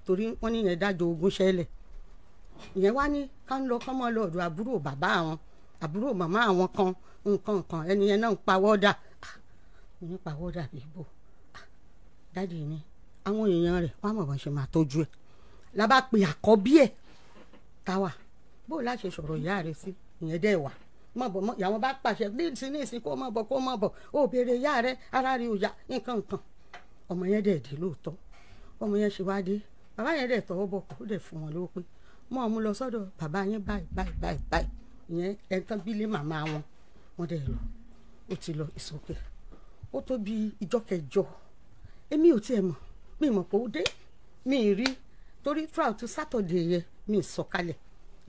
torí wọ́n ní yẹn dájọ́ ogún ṣẹlẹ̀ ìyẹn wá ní ká ń lọ kán mọ́ lọ ọ̀dọ̀ àbúrò bàbá àwọn àbúrò màmá àwọn kan nǹkan nǹkan ẹni yẹn náà ń pawọ́ dà ń ah, pawọ́ dà bíbò dáàdì ni ah, àwọn èèyàn rẹ̀ wọ́n á mọ̀ wọ́n ṣe máa tọ́jú ẹ̀ lábá pe àkọ́bí ẹ̀ táwa bó o láṣẹ sọ̀rọ̀ ìyá rẹ̀ sí ìyẹn dẹ́ wà mọ̀ bọ̀ mọ̀ ìyàwó bá pàṣẹ ní ìsín ní ìsín kó mọ̀ bọ̀ kó mọ̀ bọ̀ ó béèrè ìyá rẹ̀ ara rẹ̀ ò yá nǹkan nǹkan ọmọ yẹn dẹ̀ dé lóòótọ́ ọmọ yẹn ṣe wá dé bàbá yẹn dẹ̀ tọwọ́ bọ̀ kó dẹ̀ fún wọn lówó pé mọ́ ọmú lọ sọ́dọ̀ bàbá yẹn báyìí báyìí báyìí báyìí ìyẹn ẹ̀ńtán bílé màmá wọn wọ́n dẹ̀ lọ ó ti lọ ìsókè ó tó bí ìjọ kẹjọ èmi ò tiẹ̀ mọ̀ mi mọ̀ pé ó dé mi rí torí throughout Saturday yẹn mi sọ̀kalẹ̀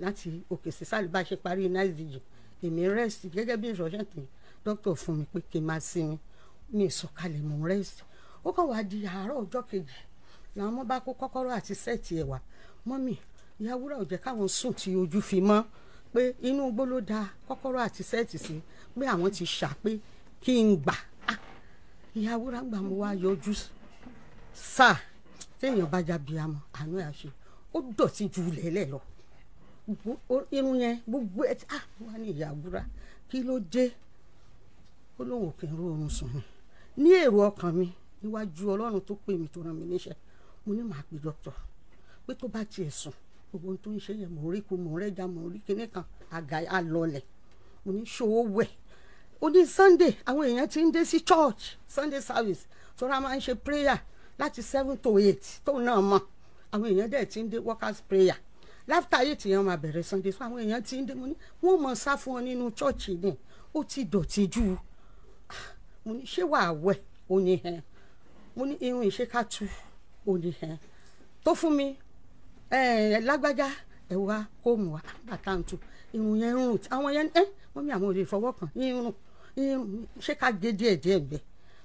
láti òkè sísàlẹ̀ bá ṣe parí nice vigil èmi rest gẹ́gẹ́ bí ìrọ̀lẹ́ tó dókítà fún mi pé kí n máa sinmi mi sọ̀kalẹ̀ mò rest ó kàn wá di àárọ̀ ọjọ́ kejì làwọn ọmọ bá kó kọ́kọ́rọ́ àti sẹ́ẹ̀tì ẹ̀ mọ́mì ìyá wúrà ò jẹ́ káwọn sùn tí ojú fi mọ́ pé inú igbó ló da kọ́kọ́rọ́ àti sẹ́ẹ̀tì sí pé àwọn ti ṣà pé kí n gbà ah! ìyá wúrà gbà mo wá yọjú sáà téèyàn bá jábí amọ̀ àánú ẹ̀ àṣẹ ó dọ̀tí ju lẹ́lẹ̀ lọ irun yẹn gbogbo ẹ̀ ah wà ní ìyá wúrà kí ló dé ó lóun ò kì í rọrùn sùn ní èrò ọkàn mi níwájú ọlọ́run tó pè mí tó ràn mí níṣẹ́ mo ní màá pe dókítà pé tó bá tiẹ̀ sùn gbogbo tó ń ṣe yẹn mò ń rí ku mò ń rẹ́jà mò ń rí kinní kan àgà àlọ́lẹ̀ mo ní ṣòwò wẹ̀ ó ní sunday àwọn èèyàn ti ń dé sí church sunday service tó ra máa ń ṣe prayer láti seven to eight tóun náà mọ̀ àwọn èèyàn dẹ̀ ti ń dé workers prayer láfta eight yẹn máa bẹ̀rẹ̀ sunday so àwọn èèyàn ti ń dé mo ní wọ́n mọ̀ sá fún ọ nínú church ni ó ti dọ̀tí jù mo ní ṣé wàá wẹ̀ ó ní hẹ́n mo ní irun ìṣekátu ó ní hẹ́n tó fún mi Eh, lágbájá ẹ wá kóòmù wá bàtà ń tu irun yẹn rùn àwọn yẹn ẹ wọn ní àwọn ò lè fọwọ́ kàn irun irun ṣé ká gé díẹ̀ díẹ̀ gbẹ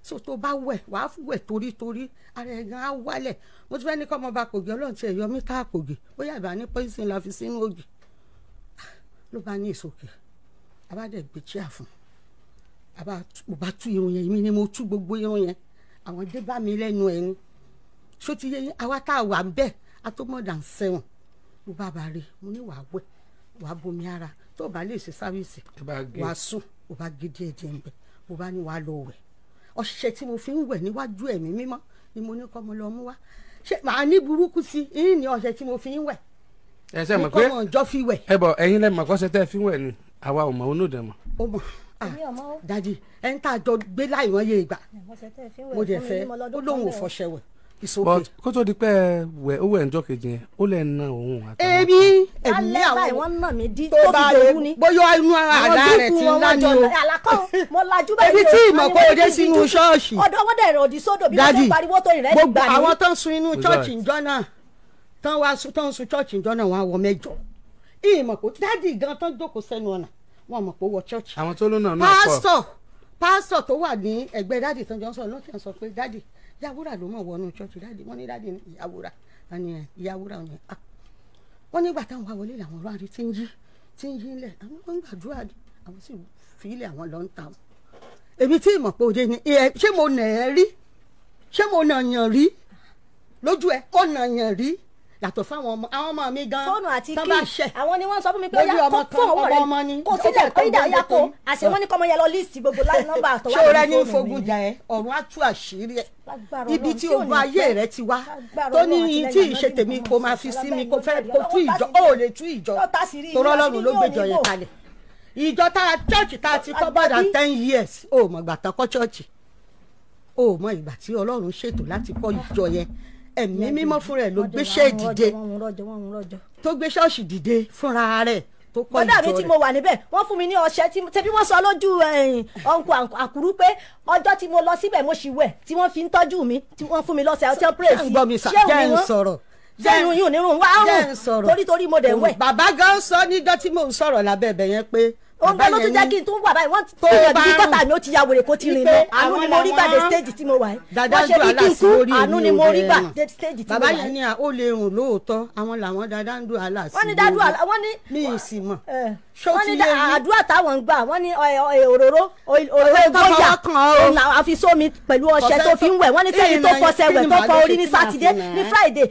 so tó bá wẹ̀ wàá wẹ̀ torítorí ara ẹ̀ gan á wálẹ̀ mo ti fẹ́ ní kọ́ ọmọ bá kògì ọlọ́run ti ẹ̀yọ́ mi ká kògì bóyá ìbá ní pọ́ìsìn la fi sínú ògì ló bá ní ìsòkè abádẹ́ gbé chair fún mo bá tú irun yẹn mi ni mo tú gbogbo irun yẹn àwọn dé bá mi lẹ́nu ẹ̀ ni ṣó ti yẹ yín àwa tá a wà bẹ́ẹ̀ a tó mọ̀ dàn sẹ́wọ̀n mo bá bàa rí mo ní wàá wẹ̀ wàá bomi ara tó o bá lè ṣe sáfíìsì wàá sùn o bá gé díẹ̀ díẹ̀ ń bá ní wàá lọ wẹ̀ ọṣẹ tí mo fi ń wẹ̀ níwájú ẹ̀mí mímọ́ ni mo ní kọ́ mo lọ mú wá ṣe màá ní burúkú sí i yín ní ọṣẹ tí mo fi ń wẹ̀ ẹsẹ mọ̀ pé ní kọ́ mọ̀ fi wẹ̀. ẹ bọ ẹ̀yin lẹ mọ̀ kọsẹ tẹ fi wẹ̀ ni àwa ò mọ̀ onóde mọ̀. ó mọ̀ ah dadi ẹ ń tà jọ gbé láìwọ́n yé ìgbà mo dẹ̀ fẹ́ ó lóun ò fọṣẹ wẹ̀ it's okay. but kó tó di pé wẹ ó wẹ ǹjọ́ kejì yẹn ó lè na òun àtàwọn. èmi èmi àwọn tó bá lè bóyá inú àlá rẹ ti ńlá ni o èmi tí ìmọ̀ kó o dé sínú ṣọ́ọ̀ṣì dadi gbogbo àwọn tó ń sun inú ṣọ́ọ̀ṣì ńjọ́ náà tán wá tó ń sun ṣọ́ọ̀ṣì ńjọ́ náà wọ́n wọ mẹ́jọ ìmọ̀ kó dadi gan tán jókòó sẹ́nu ọ̀nà wọn mọ̀ pé wọ ṣọ́ọ̀ṣì. àwọn tó lónà náà pọ̀ pásítọ̀ pásítọ̀ tó wà ní ẹgbẹ́ dadi sanjọ́ sọ̀rọ̀ náà ti sọ pé dadi yàwúrà ló mọ̀ wọnú ṣọ́ọ̀ṣì dáàdì wọ́n ní dáàdì ní ìyàwúrà wọ́n ní ìyàwúrà eh, ah. wọ́n ní à wọ́n nígbà táwọn wá wọlé làwọn rárí tí ń yí tí ń yí lẹ̀ àwọn wọ́n ń gbàdúrà àwọn sì fi ilẹ̀ àwọn lọ ń ta wọn. èmi tí ìmọ̀ pé òde ni ṣé mo nà ẹ́ rí ṣé mo nà yàn rí lójú ẹ mo nà yàn rí yàtọ̀ fáwọn ọmọ àwọn ọmọ mi gan fóònù àti kí àwọn ni wọ́n sọ fún mi pé yà kó fún ọwọ́ rẹ kó sílẹ̀ kó ìdá ya kó àṣẹ wọn ní kọ́mọ yẹn lọ líìsì gbogbo nọ́mbà tó wà ní fóònù mi. ṣé o rẹ ní fogun jà ẹ ọ̀run á tú àṣírí ẹ ibi tí ogun ayé rẹ ti wá tó ní tí ìṣe tèmi kò máa fi sí mi kò fẹ́ kò tú ìjọ ó lè tú ìjọ tó rọ́lọ́run ló gbèjọ yẹn kalẹ̀ ìjọ tá a chọ́ọ̀chì tá a ti kọ́ bọ́dà ten years ó mọ̀ gbàtàn kọ́ chọ́ọ̀chì ó ìgbà tí Ọlọ́run ṣètò láti kọ́ ìjọ yẹn ẹ̀mí mímọ́ fúnra ẹ̀ ló gbéṣẹ́ dìde tó gbé ṣọ́ọ̀ṣì dìde fúnra rẹ̀ tó kọ́ ìjọ rẹ̀. bọ́dà mi tí mo wà níbẹ̀ wọ́n fún mi ní ọṣẹ tẹbí wọ́n sọ lójú ọ̀nkù àkúrú pé ọjọ́ tí mo lọ síbẹ̀ mo sì wẹ̀ tí wọ́n fi ń tọ́jú mi tí wọ́n fún mi lọ́sẹ̀ ọtí praise ṣé òun ni wọ́n jẹ́ ìrùn yìí ò ní rùn wá rùn torítorí mo dẹ̀ wẹ̀. bàbá gan sọ níjọ́ tí mò ń sọ̀rọ̀ lábẹ́ ibẹ̀ yẹn pé òun gan ló tún jẹ́ kí n tún wà báyìí wọ́n tó yàn bíi kọ́tà mi ó ti ya wèrè kó ti rìn lọ àánú ni mo rí gbà dé stage tí mo wà yìí wọ́n ṣe bí kí n kú àánú ni mo rí gbà dé stage tí mo wà yìí. bàbá yẹn ni à ó lè rùn lóòótọ́ àwọn làwọn dáadáa ń dùn àlà sí i wọ́n ní dáadáa wọ́n ní. mi ì sì mọ̀ eh wọ́n ní àdúrà táwọn ń gbà wọ́n ní òróró òróró gbọ́yà àfisómi pẹ̀lú ọṣẹ tó fi ń wẹ̀ wọ́n ní sẹ́yìn tó fọṣẹ wẹ̀ tó fọ orí ní sátidé ní friday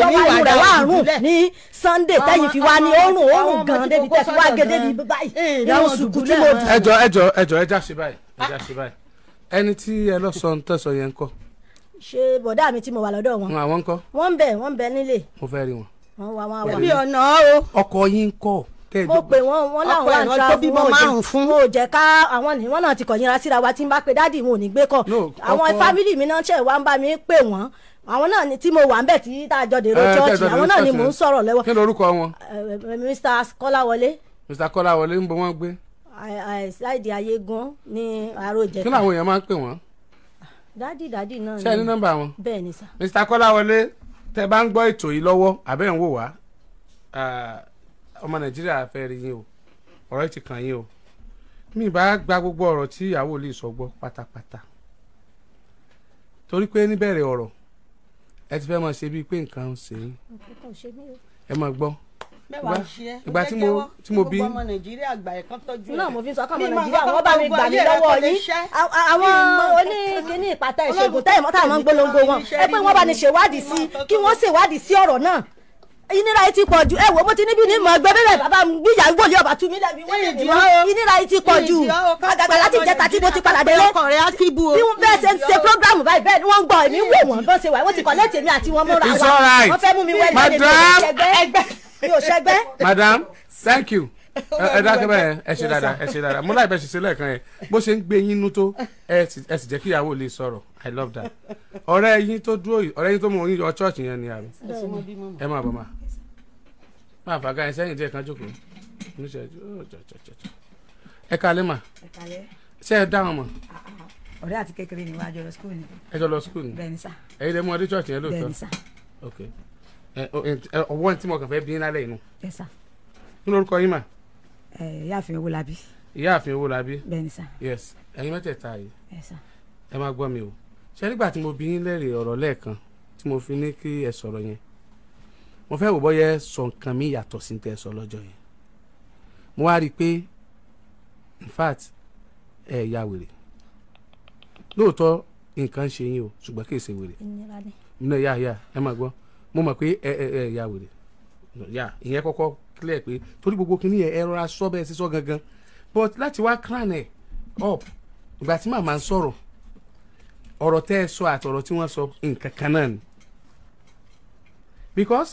lọ́wọ́ ayé rẹ̀ láàrùn ní sunday tẹ́yìn fi wá ní oorun oorun gan-an débi tẹ́ fi wá gédé ní báyìí nínú sùkú tí mo dùn. ẹjọ ẹjọ ẹjọ ẹjá ṣe báyìí ẹjá ṣe báyìí ẹni tí ẹ lọ sọ ń tẹ̀sọ yẹn ń kọ́. ṣé bọ̀dá mi tí mo wà lọ́dọ̀ wọn. àwọn ń kọ́. wọ́n ń bẹ wọ́n ń bẹ nílé. mo fẹ́ rí wọn. wọ́n wá wọn wá. ẹbí ọ̀nà o. ọkọ yín ń kọ́ mo pè wọn wọn làwọn wà ń tra wọn márùn fún mo jẹ ká àwọn ni wọn náà ti kọyìnra síra wa tí n bá pe dáàdì wọn ò ní gbé kọ àwọn fámìlì mi náà ṣe wá ń bá mi pè wọn àwọn náà ni tí mo wà ń bẹ̀ tí tá a jọ dèrò chọ́ọ̀chì eh, àwọn náà ni mò ń sọ̀rọ̀ lẹ́wọ̀. kí lorúkọ wọn. Eh, eh, Mr. Kọ́láwọlé. Mr. Kọ́láwọlé ń bọ wọn gbé. ṣáìdì ayégun ní àròjẹ. kí làwọn èèyàn máa ń pè wọn. dádì dádì náà ni. ṣé ẹ ní nọ́mbà wọn. bẹ́ẹ̀ ni Mr. Kọ́láwọlé tẹ bá ń gbọ́ ètò yìí lọ́wọ́ àbẹ́ ń wò wá ah, ọmọ nàìjíríà fẹ́ rí yín o ọ̀rọ̀ yìí ti kàn yín o mi bá gba gbogbo ọ̀rọ̀ tí ìyàwó lè sọ gbọ́ pátápátá torí pé níbẹ̀rẹ̀ ọ̀rọ̀ ẹ ti fẹ́ mọ̀ ṣe bíi pé nǹkan ń ṣe yín ẹ mọ̀ gbọ́ ìgbà tí mo tí mo bí. ọmọ nàìjíríà gbà ẹ̀kọ́ tọ́jú rẹ̀. náà mo fi sọ ọmọ nàìjíríà wọ́n bá mi gbà mí lọ́wọ́ yìí àwọn oníkíní ìpàtà ìṣègùn táyìmọ́tà wọn ń gbólóńgó wọn ẹ pé wọ́n bá ní ṣèwádìí sí kí wọ́n ṣèwádìí sí ọ̀rọ̀ náà ìnira yìí ti pọ̀ jù ẹ wò mo ti níbi ní mọ̀ ẹgbẹ́ bẹ́rẹ̀ bàbá mi bí ìyá wòlíì ọba tún mí dàbí wọ́n lè dìbò ìnira yìí ti pọ̀ jù àgbàgbà láti ìjẹta tí mo ti padà délé bí wọ́n bẹ́ẹ̀ ṣe ń ṣe programu báyìí bẹ́ẹ̀ ni wọ́n ń gbọ́ èmi wé wọ́n bọ́ ṣe wà wọ́n ti kọ̀ lẹ́tì èmi àti wọn mọ́ra wa wọ́n fẹ́ mú mi wẹ́lẹ́ mi ò ṣẹgbẹ́. madam thank you ẹ dákẹ́ bẹ́ẹ̀ ẹ ṣe dáadáa ẹ ṣe dáadáa mo láì bẹ́ẹ̀ ṣe ṣe lẹ́ẹ̀kan yẹn bó ṣe ń gbé yín nú tó ẹ sì jẹ́ kí ìyàwó lè sọ̀rọ̀ i love that ọ̀rẹ́ yín tó dúró ọ̀rẹ́ yín tó mú yín ọ ṣọ́ọ̀ṣì yẹn ni àrùn ẹ máa bọ̀ máa máa fàgá ẹ sẹ́yìn díẹ̀ kan jókòó ní ìṣẹ́jú ẹ kalẹ́ mà ṣe é dáhùn mọ̀. Ah, ah, ah. ọ̀rẹ́ àti kékeré ni wàá jọ lọ skul ni. ẹ jọ lọ skul ni bẹ́ẹ̀ ni sà. ẹ̀yin lè mú ọdún church yẹn lóòótọ́ bẹ́ẹ̀ ni sà. ok ọwọ́ tí mo kàn fẹ́ bí lálẹ́ inú. ẹ sà. kí lórúkọ yín mà. ẹ yáàfin owó labi. yáàfin owó labi. bẹ́ẹ̀ ni sà. yes ẹ̀yin mẹ́tẹ̀ẹ̀ta yìí. ẹ sà. ẹ máa gbọ́ mi o ṣé nígbà tí mo bí yín lẹ́rìí ọ̀rọ̀ lẹ́ẹ̀kan tí mo fi ní kí ẹ sọ̀rọ̀ yẹn mo fẹ́ wò bọ́yẹ sọ nǹkan mi yàtọ̀ sí tẹ́ sọ lọ́jọ́ yẹn mo wá rí i pé in fact ẹ ya wèrè lóòótọ́ nǹkan ṣe yín o ṣùgbọ́n kì í ṣe wèrè nínú ẹ̀ yá yá ẹ máa gbọ́ mo mọ̀ pé ẹ ẹ ya wèrè yá ìyẹn kọ́kọ́ clear pé torí gbogbo kìíní yẹn ẹ rọra sọ bẹ́ẹ̀ sísọ gangan but láti wá crown ẹ̀ up ìgbà tí màmá ń sọ̀rọ̀ ọ̀rọ̀ tẹ́ ẹ sọ àtọ̀rọ̀ tí wọ́n sọ nǹkan kan náà ni because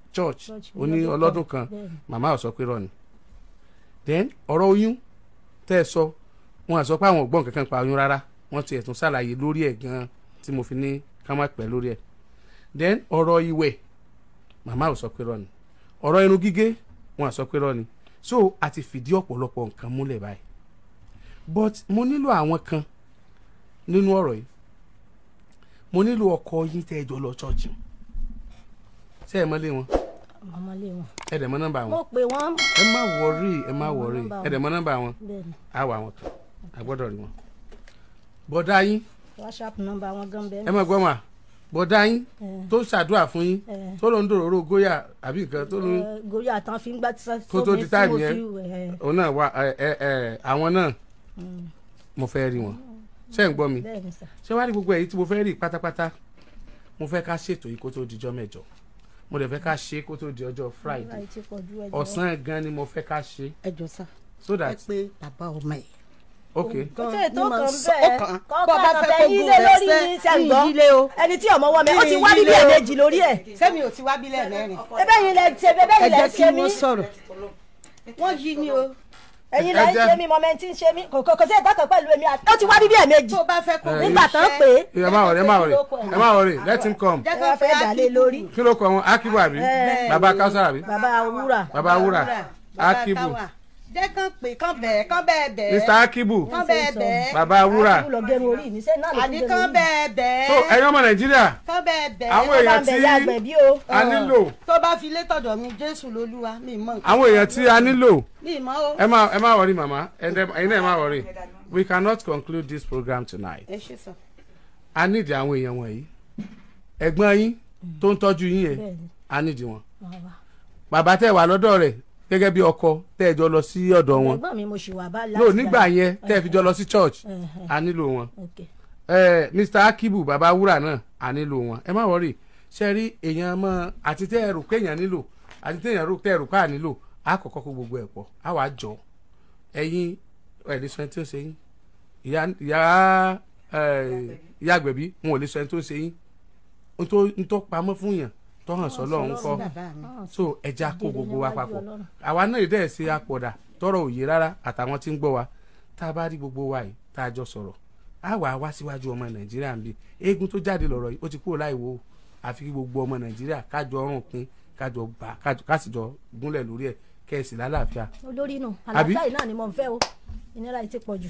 church ó ní ọlọ́dún kan màmá ọ̀ sọ pé rọ ni then ọ̀rọ̀ oyún tẹ́ ẹ sọ wọn à sọ pé àwọn ògbọ́n kankan pa oyún rárá wọ́n ti ẹ̀tún ṣàlàyé lórí ẹ̀ gan tí mo fi ní ká má pẹ́ lórí ẹ̀ then ọ̀rọ̀ ìwẹ̀ màmá ọ̀ sọ pé rọ ni ọ̀rọ̀ irun gígé wọn à sọ pé rọ ni so a ti fìdí ọ̀pọ̀lọpọ̀ nǹkan múlẹ̀ báyìí but mo nílò àwọn kan nínú ọ̀rọ̀ yìí mo nílò ọkọ yín tẹ́ ẹ jọ lọ ṣọ́ọ̀ṣì ṣe wọn ọmọlé wọn. ẹ dẹ̀ mọ nọ́mbà wọn. mo pè wọ́n. ẹ má wọrí ẹ má wọrí ẹ dẹ̀ mọ nọ́mbà wọn. bẹ́ẹ̀ni. a wà wọn kan rí wọn. bọ̀dá yín. whatsapp nọ́mbà wọn gan bẹ́ẹ̀. ẹ má gbọ́ wọn bọ̀dá yín tó ṣàdúrà fún yín tó ló ń dòròrò góyà àbí nǹkan tó ló ń. góyà tán fi ń gbá tí mo fi wẹ̀. òun náà wà ẹ ẹ àwọn náà mm. mo fẹ́ rí wọn ṣé ń gbọ́ mi ṣé wàá rí gbogbo èyí tí mo fẹ́ rí pátápátá mo fẹ́ ká ṣètò yìí kó tó dijọ́ mẹ́jọ mo dẹ̀ fẹ́ ká ṣe kó tó di ọjọ́ friday ọ̀sán ẹ̀ gan ni mo fẹ́ ká ṣe. ẹjọ sá so that ẹ pé bàbá ọmọ ẹ. ok ó tó kàn bẹ́ẹ̀ kọ́kọ́ náà bẹ yílé lórí sẹ́gbọ́n ẹni tí ọmọ wọn mẹ ó ti wá bílẹ̀ ẹ̀mejì lórí ẹ̀. sẹ́mi ò ti wá bílẹ̀ mẹ́rin. ẹ bẹ́ẹ̀ yín lẹ ṣe bẹ́ẹ̀ yín lẹ ṣe mí. ẹ jẹ́ kí wọ́n sọ̀rọ̀ wọ́n yí ni o ẹyin lẹ ń ṣe mí mọmẹntì ń ṣe mí kò kò sí ẹ̀dá kan pẹ̀lú èmi àti. ó ti wá bíbí ẹ̀ méjì. tó bá fẹ́ kó mi nígbà tán pé. ẹ má wọrí ẹ má wọrí ẹ má wọrí let him come. jẹ́ kó fẹ́ dàlẹ́ lórí. kí ló kọ wọn akibu àbí baba kausar àbí. baba wura. baba wura akibu jẹ́ kán pè kán bẹ̀ẹ́ kán bẹ́ẹ̀ bẹ́ẹ̀. Mr. Akibu kán bẹ́ẹ̀ bẹ́ẹ̀. Bàbá Wúrà àní kán bẹ́ẹ̀ bẹ́ẹ̀. so ẹ̀yin ọmọ Nàìjíríà kán bẹ́ẹ̀ bẹ́ẹ̀. àwọn èèyàn tí a nílò. tó bá fi lé tọ̀dọ̀ mi Jésù lolúwa mi mọ̀ àwọn èèyàn tí a nílò. mi mọ̀ o. ẹ má ẹ má wọrí màmá ẹ̀yin ẹ má wọrí we cannot conclude this program tonight. ẹ ṣe sọ. a need àwọn èèyàn wọ̀nyí ẹ̀gbọ́n yín tó ń tọ́jú yín yẹn a need wọn bàbá tẹ̀ wà lọ́dọ̀ rẹ̀ gẹ́gẹ́ bí ọkọ tẹ́ ẹ jọ lọ sí ọ̀dọ̀ wọn. ẹ̀gbọ́n mi mo ṣì wà bá láti. no nígbà yẹn tẹ́ ẹ fi jọ lọ sí church a nílò wọn. Mr. Akibu baba wúrà náà a nílò wọn ẹ má wọrí ṣe rí èèyàn mọ àti tẹ́ ẹ rò pé èèyàn nílò àti tẹ́ ẹ rò pé èèyàn ká nílò a kọ́kọ́ kó gbogbo ẹ̀ pọ̀ a wàá jọ ẹ̀yin ẹ̀ẹ́dì sọ ẹni tí ó ṣe yín ìyá àgbẹ̀bí wọn ò lè sọ ẹni tó ṣe yín ntọ́ pamọ́ fún yàn tọ́hàn sọ́lọ́ ń kọ́ ah, so ẹja kó gbogbo wa papọ̀ àwa náà dẹ̀ ṣe apọ̀dà tọrọ òye rárá àtàwọn tí ń gbọ́ wa tá a bá rí gbogbo wa yìí tá a jọ sọ̀rọ̀ á wá síwájú ọmọ nàìjíríà ń bí eégún tó jáde lọ́rọ̀ yìí ó ti kúrò láì wo àfi kí gbogbo ọmọ nàìjíríà kájọ ọrùn pin kájọ bá kásìjọ gúnlẹ̀ lórí ẹ̀ kẹ́ẹ̀sì lálàáfíà. olórí nù àlàáfíà yìí náà ni mo ń fẹ́ o ìnira yìí ti pọ̀ jù.